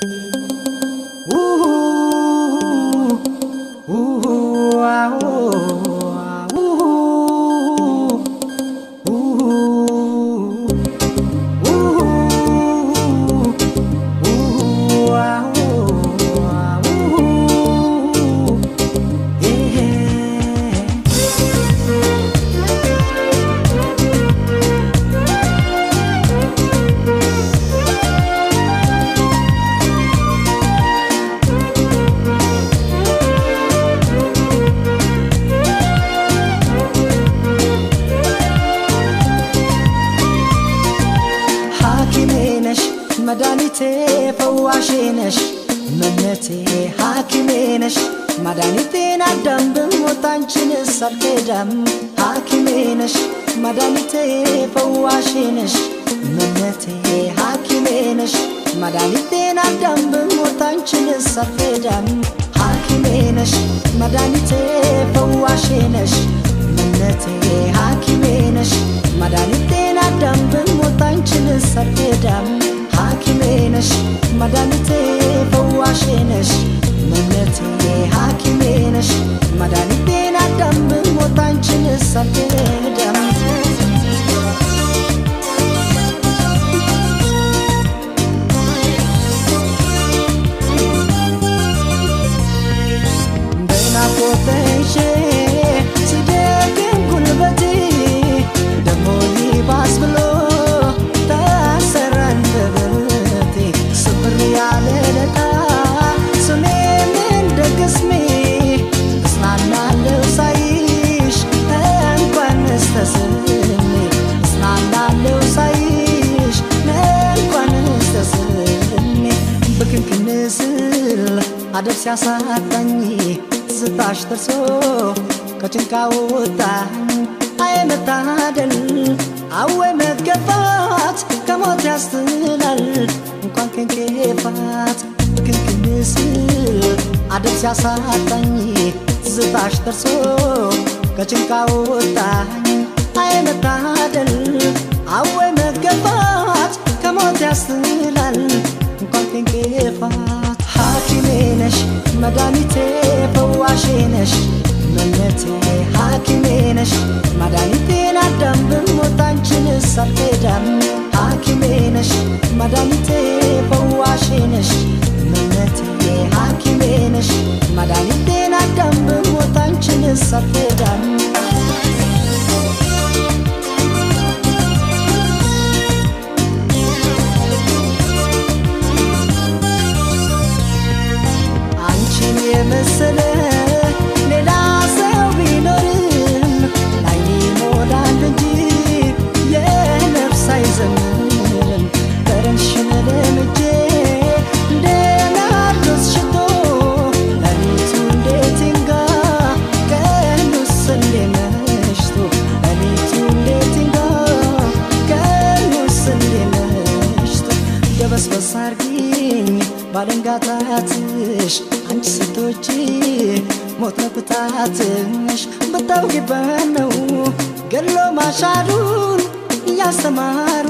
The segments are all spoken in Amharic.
Thank you. ጤና ዳም ብሞታንችን ሳልከዳም ሐኪሜ ነሽ መድኃኒቴ ፈዋሽ ነሽ እምነቴ ሐኪሜ ነሽ መድኃኒቴን አዳም ብሞታንችን ሳልከዳም ሐኪሜ ነሽ መድኃኒቴ ፈዋሽ ነሽ እምነቴ ሐኪሜ ነሽ መድኃኒቴን አዳም ብሞታንችን ሳልከዳም ሐኪሜ ነሽ መድኃኒቴ ፈዋሽ ነሽ እምነቴ ሐኪሜ ነሽ መድኃኒቴን አዳምም ወታንችን ሳቴን ደም በናፍቆትሽ ሲያሳጣኝ ስታሽ ደርሶ ከጭንቃ ወጣኝ። አይ መታደል አወይ መገባት ከሞት ያስትላል እንኳን ክንቄፋት ክንክንስ አደብ ሲያሳጣኝ ስታሽ ደርሶ ከጭንቃ ወጣኝ። አይ መታደል አወይ መገባት ከሞት ያስትላል እንኳን ክንቄፋት ነሽ መድኃኒቴ ፈዋሼ ነሽ መለቴ ሐኪሜ ነሽ መድኃኒቴን አዳም ብሞት አንቺንስ አልሄዳም ሐኪሜ ነሽ መድኃኒቴ ፈዋሼ ነሽ መለቴ ሐኪሜ መድኃኒቴን አዳም ብሞት አንቺንስ የመሰለ ሌላ ሰው ቢኖርም ላይኔ ሞላል እንጂ የነፍስ አይዘምም በረንሽን ለምጄ እንደ ናርዶስ ሽቶ ለሊቱ እንዴት ይንጋ ቀኑ ስሌ መሽቶ ለሊቱ እንዴት ይንጋ ቀኑ ስሌ መሽቶ ደበስበስ አርጊኝ ባለንጋታትሽ አንቺ ስቶች ሞት ነው ቅጣትሽ ብታውቂ በነው ገሎ ማሻሉን እያስተማሩ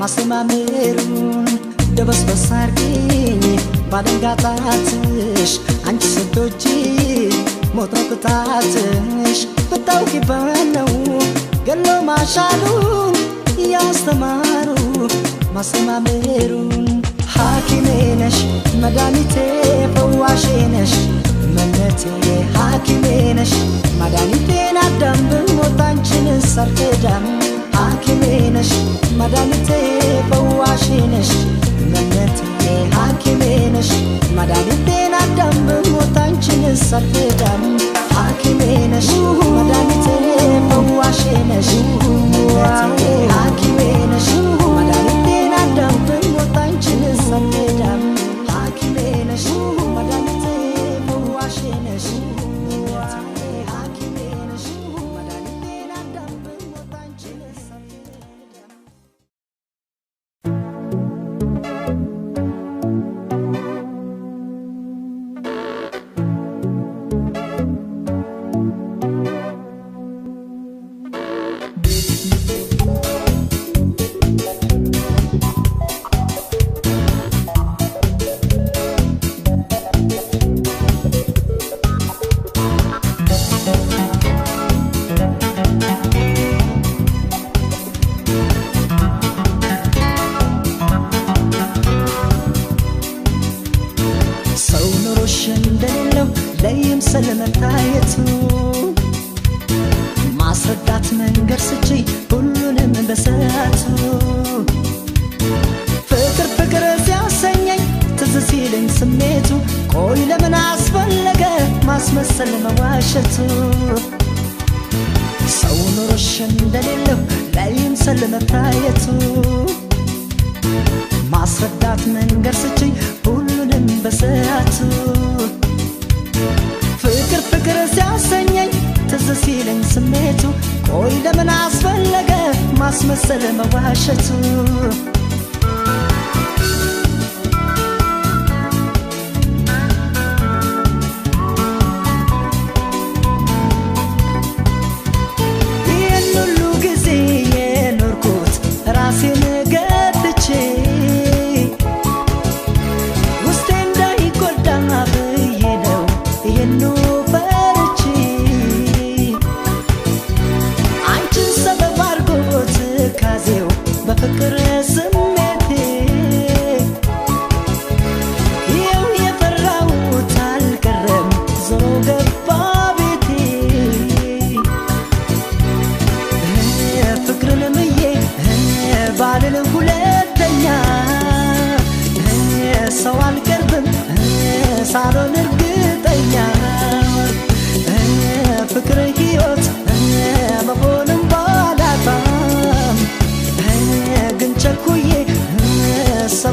ማስተማመሩን ደበስበስ አርጊኝ ባደንጋጣትሽ አንቺ ስቶች ሞት ነው ቅጣትሽ ብታውቂ በነው ገሎ ማሻሩን እያስተማሩ ማስተማመሩን ሐኪሜ ነሽ መድኃኒቴ ፈዋሼ ነሽ መነቴ ሐኪሜ ነሽ መድኃኒቴን አዳም ብሞት አንቺን ሰርክዳም ሐኪሜ ነሽ መድኃኒቴ ፈዋሼ ነሽ መነቴ ሐኪሜ ነሽ መድኃኒቴን አዳም ብሞት አንቺን ሰርክዳም ሐኪሜ ነሽ I.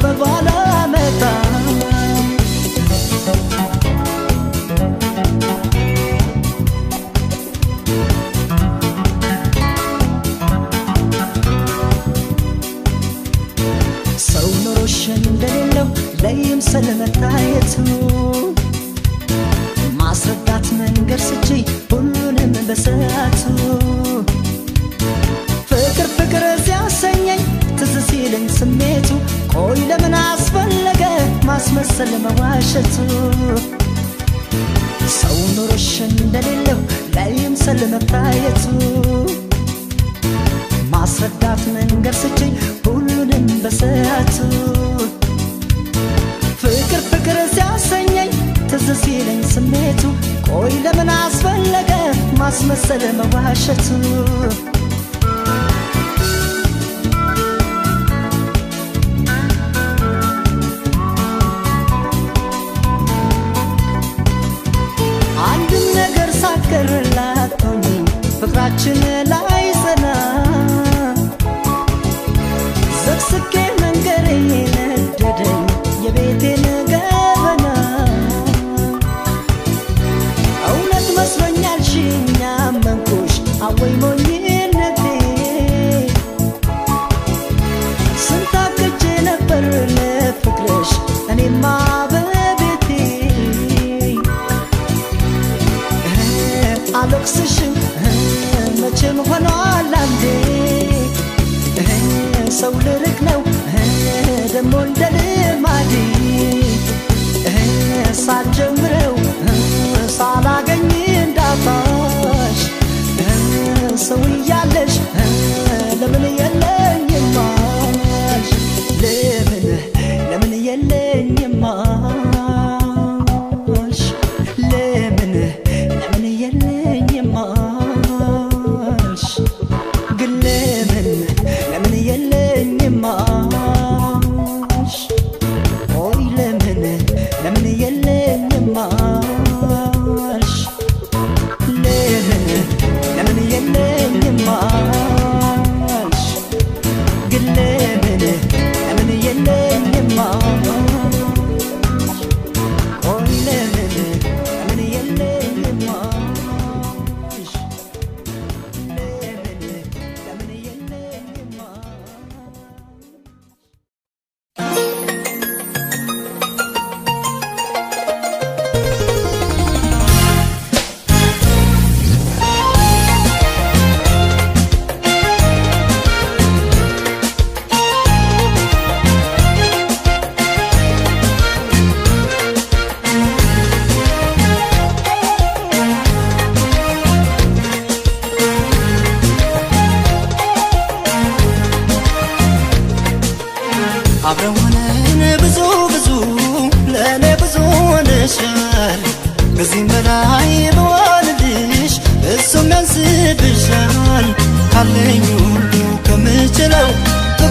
sabal ስሜቱ ቆይ ለምን አስፈለገ ማስመሰለ መዋሸቱ አንድም ነገር ሳቀርላት ፍቅራችንን ሰው ልርቅ ነው ደግሞ እንደ ልማዴ ሳልጀምረው ሳላገኝ እንዳጣሽ ሰውዬ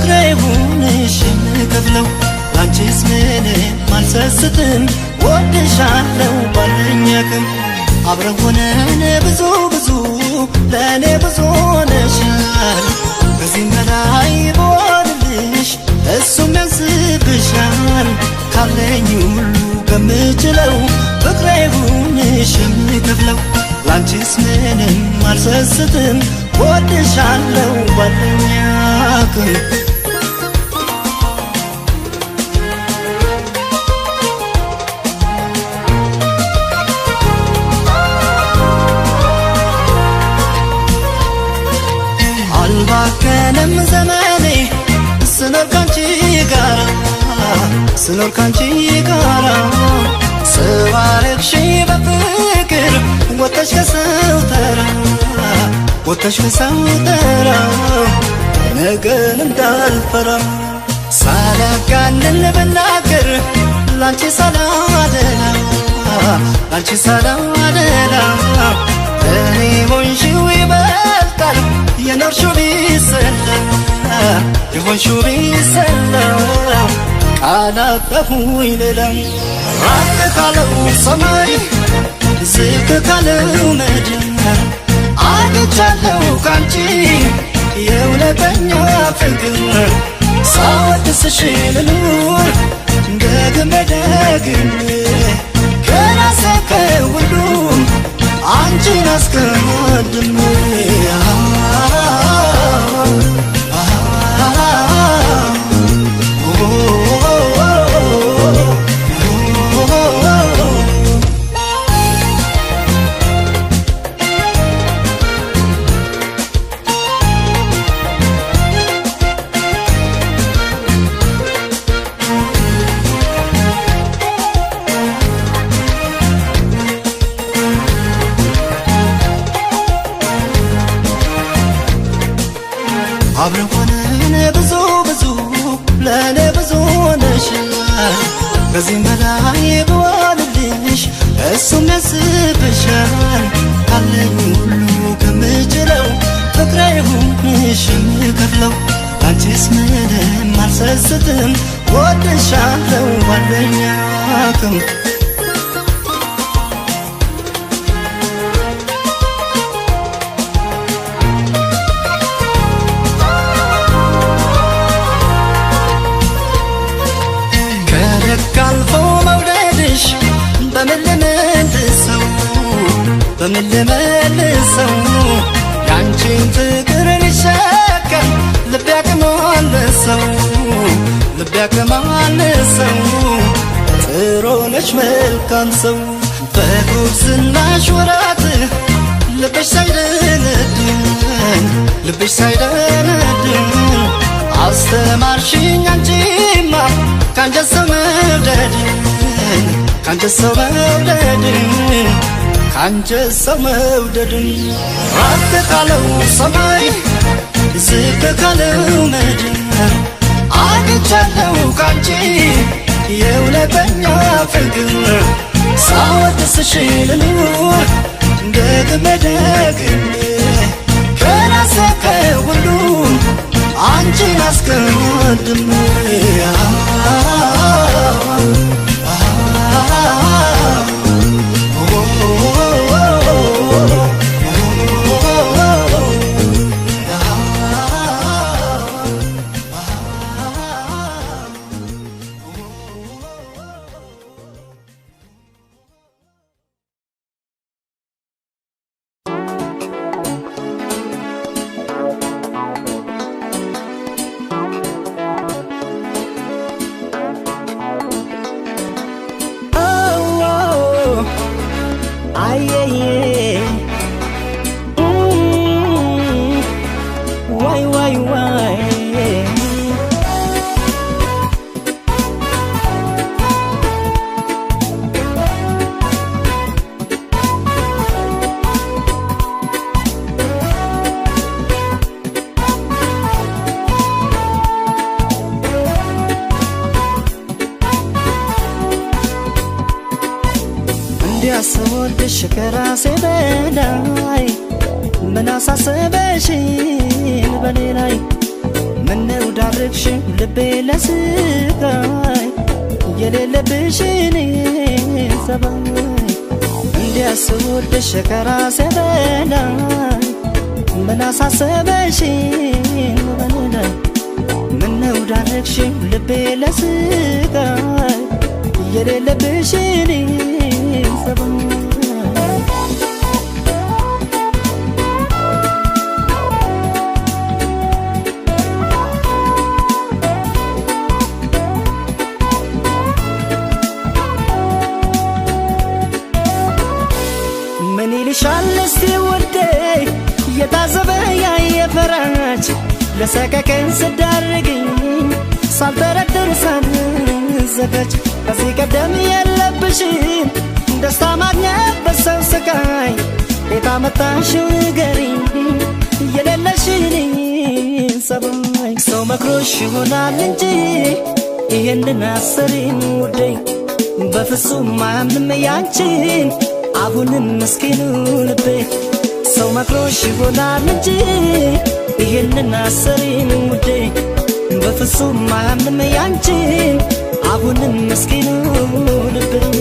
ፍቅሬውንሽን ከፍለው ላንቺስ ምንም አልሰስትም ወድሻለው ባለኝ አቅም አብረን ሆነን ብዙ ብዙ ለእኔ ብዙ ሆነሻል ከዚህም በላይ በሆንልሽ እሱም ያንስብሻል ካለኝ ሁሉ ከምችለው ፍቅሬውንሽን ከፍለው ላንቺስ ምንም አልሰስትም ወድሻለው ባለኝ ቀንም ዘመኔ ስኖር ካንቺ ጋራ ስኖር ካንቺ ጋራ ስባረክሽ በፍቅር ወተሽ ከሰው ተራ ወተሽ ከሰው ተራ ነገን እንዳልፈራ ሳላጋንን ብናገር ላንቺ ሰላም አደላ ላንቺ ሰላም አደላ እኔ ሆንሽው ይበልጣል የኖርሽው ቢሰላ የሆንሽው ቢሰላ ቃላጠፉኝ ልለም ራቅ ካለው ሰማይ ዝቅ ካለው ምድር አግቻለሁ ካንቺ የእውነተኛ ፍቅር ሳወድስሽ ልኑር ደግሜ ደግሜ ከራሴ ከሁሉም አንቺን አስከወድሜ የማን ሰው በጉብዝናሽ ወራት ልብሽ ሳይደነድን ልብሽ ሳይደነድን አስተማርሽኝ አንቺማ ካንጀት ሰው መውደድን ካንጀት ሰው መውደድን ካንጀት ሰው መውደድን ራቅ ሰማይ ዝቅ ካለው አብረሽ ልኑር ከናሰከ ሁሉ አንቺን አስከወድሜ ሲርበኝ እንዲያስወድሽ ከራሴ በላይ ምን አሳሰበሽ በላይ ምነው ዳረግሽኝ ልቤ ለስቃይ የሌለብሽን ሰበኝ ለሰቀቀን ስዳርግኝ ሳልጠረጥር ሳንዘጋጅ ከዚህ ቀደም የለብሽም ደስታ ማግኘት በሰው ስቃይ ቤት አመጣሽው ንገሪኝ የሌለሽን ሰባይ ሰው መክሮሽ ይሆናል እንጂ ይህንን አሰሪን ውዴ በፍጹም አያምንም ያንቺን አሁንም ምስኪኑ ልቤ ሰው መክሮሽ ይሆናል እንጂ ይህንን አሰሪን ውዴ በፍጹም አያምንም ያንቺ አሁንም ምስኪኑ ልብኝ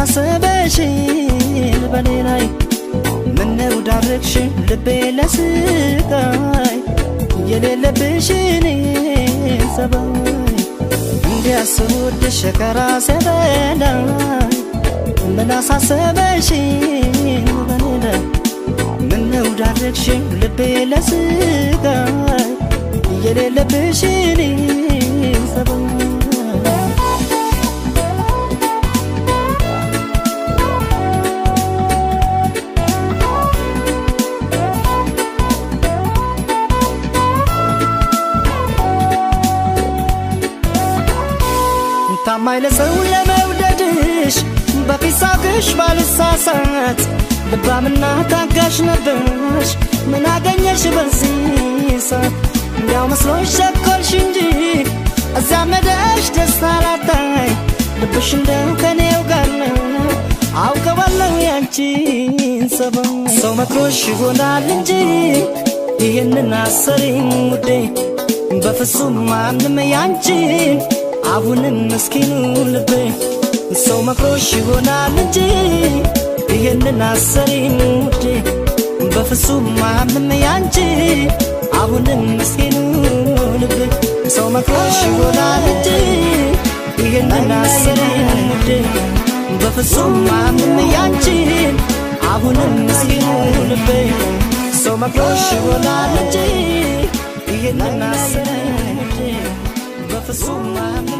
ማሳሰበሽን በኔ ላይ ምነው ዳረግሽ ልቤ ለስቃይ የሌለብሽን ሰባይ እንዲያስወድሽ ከራሴ በላይ ምን አሳሰበሽን በኔ ላይ ምነው ዳረግሽ ልቤ ለስቃይ የሌለብሽን ሰባይ ለሰው ለመውደድሽ በፊት ሳቅሽ ባልሳሳት ልባምና ታጋሽ ነበርሽ። ምን አገኘሽ በዚህ ሰዓት? እንዲያው መስሎሽ ቸኮልሽ እንጂ እዚያ መደሽ ደስታ ላጣኝ ልብሽ እንደው ከኔው ጋር ነው አውቀዋለሁ ያንቺን ሰበው ሰው መክሮሽ ይሆናል እንጂ ይህንን አሰሪኝ ውዴ በፍጹም ማንም ያንቺን አሁንም ምስኪኑ ልቤ ሰው መክሮሽ ይሆናል እንጂ ይህንን አሰሪም ውዴ በፍጹም ማንም ያንቺ አሁንም ምስኪኑ ልቤ ሰው መክሮሽ ይሆናል እንጂ ይህንን አሰሪም ውዴ በፍጹም ማንም ያንቺ አሁንም ምስኪኑ ልቤ ሰው መክሮሽ ይሆናል እንጂ ይህንን አሰሪም for so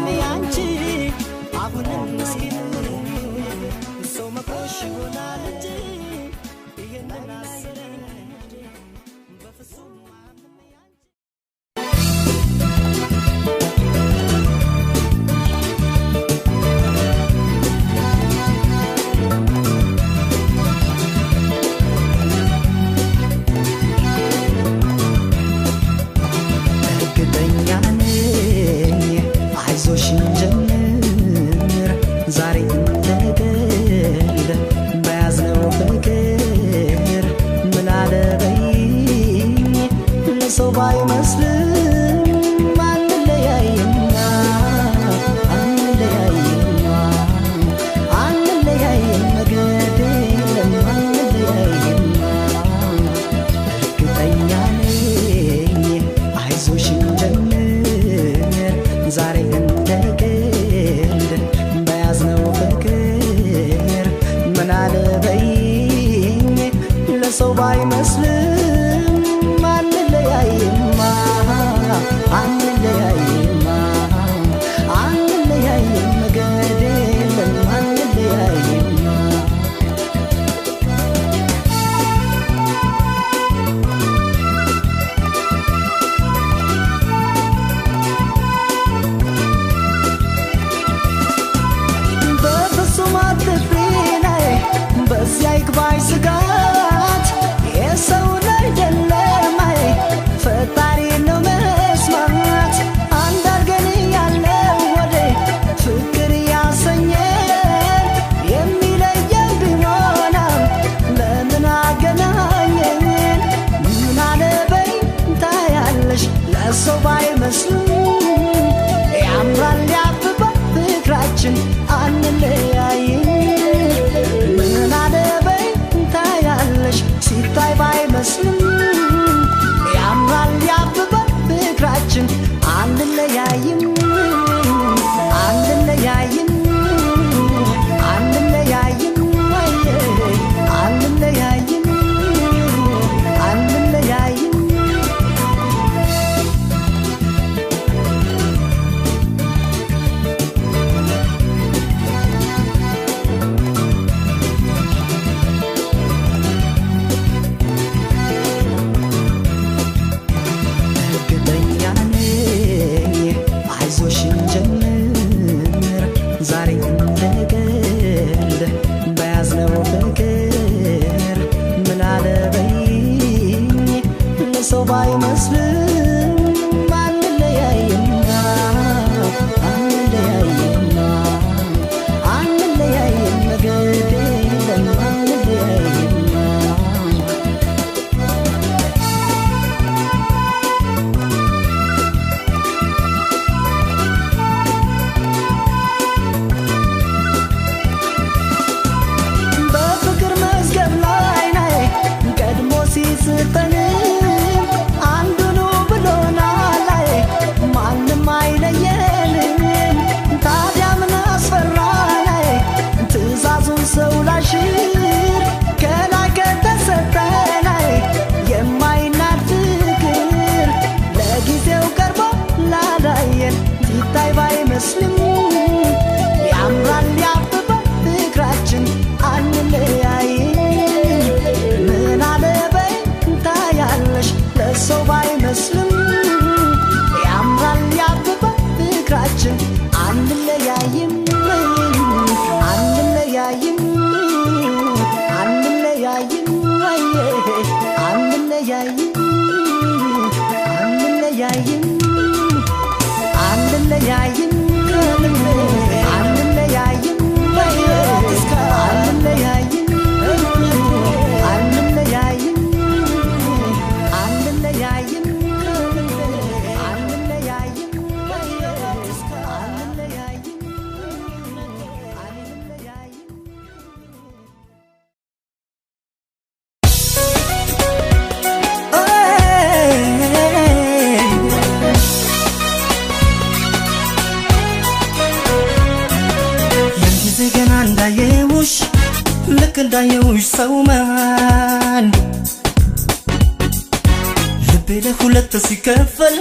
Mulata si kafal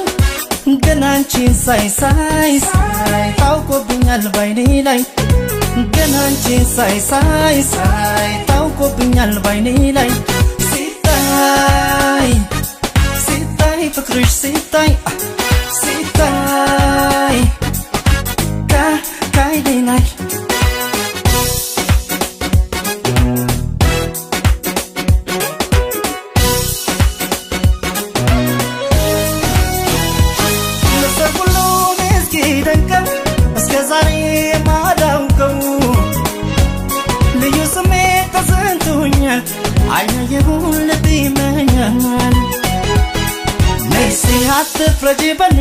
Ganan chin sai sai sai Tau ko binyal bay ni lai Ganan chin sai sai sai Tau ko binyal bay ni lai Sitai Sitai pakrish sitai Sitai Ka kai dinai በዚህ በኔ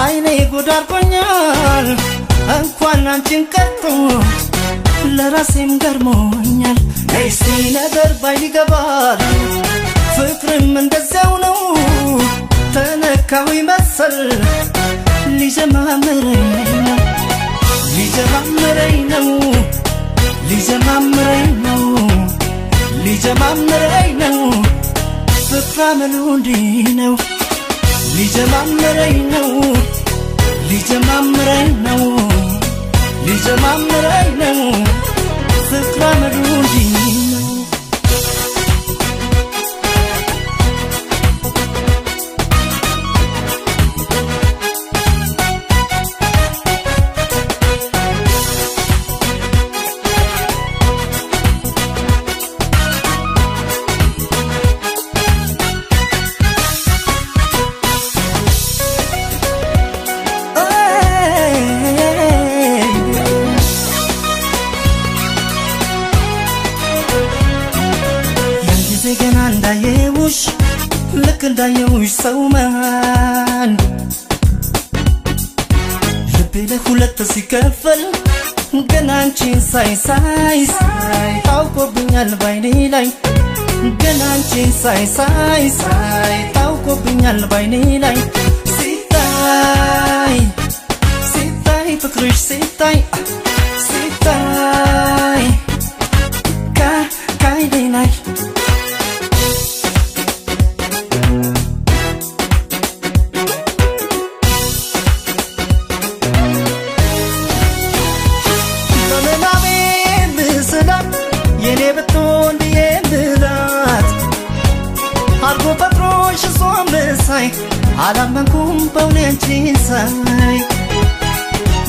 አይኔ ጉድ አድርጎኛል። እንኳን አንቺን ቀርቶ ለራሴም ገርሞኛል። እስቲ ነገር ባይን ይገባል ፍቅርም እንደዚያው ነው። ተነካዊ መሰል ሊጀማምረኝ ነው ሊጀማምረኝ ነው ሊጀማምረኝ ነው ሊጀማምረኝ ነው ፍቅራ ምሉ እንዲህ ነው ሊጀማምረኝ ነው ሊጀማምረኝ ነው ሊጀማምረኝ ነው ፍቅር እንዲህ سومان لبي له خلت سيكفل كان عنشين ساي ساي ساي تاو كو بنيال بايني لاي كان عنشين ساي ساي ساي تاو كو بنيال بايني لاي سيتاي سيتاي فكرش سيتاي سيتاي كاي كاي دي لاي አላመንኩም በእውነት ሳይ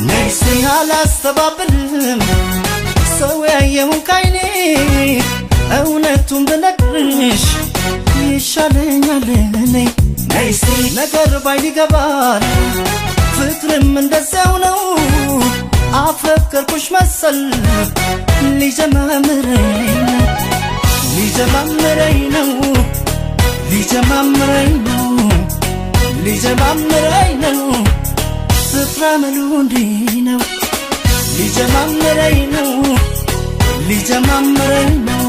ነፍሴ አላስተባብልም ሰው ያየውን ካይኔ እውነቱን ብነግርሽ ይሻለኛል እኔ ነይሲ ነገር ባይል ይገባል ፍቅርም እንደዚያው ነው አፈቀርኩሽ መሰል ሊጀማምረኝ ሊጀማምረኝ ነው ሊጀማምረኝ ነው ሊጀማምረኝ ነው ስፍራምሉ እንዲህ ነው ሊጀማምረኝ ነው ሊጀማምረኝ ነው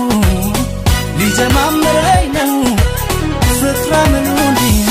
ሊጀማምረኝ ነው ስፍራምሉ እንዲህ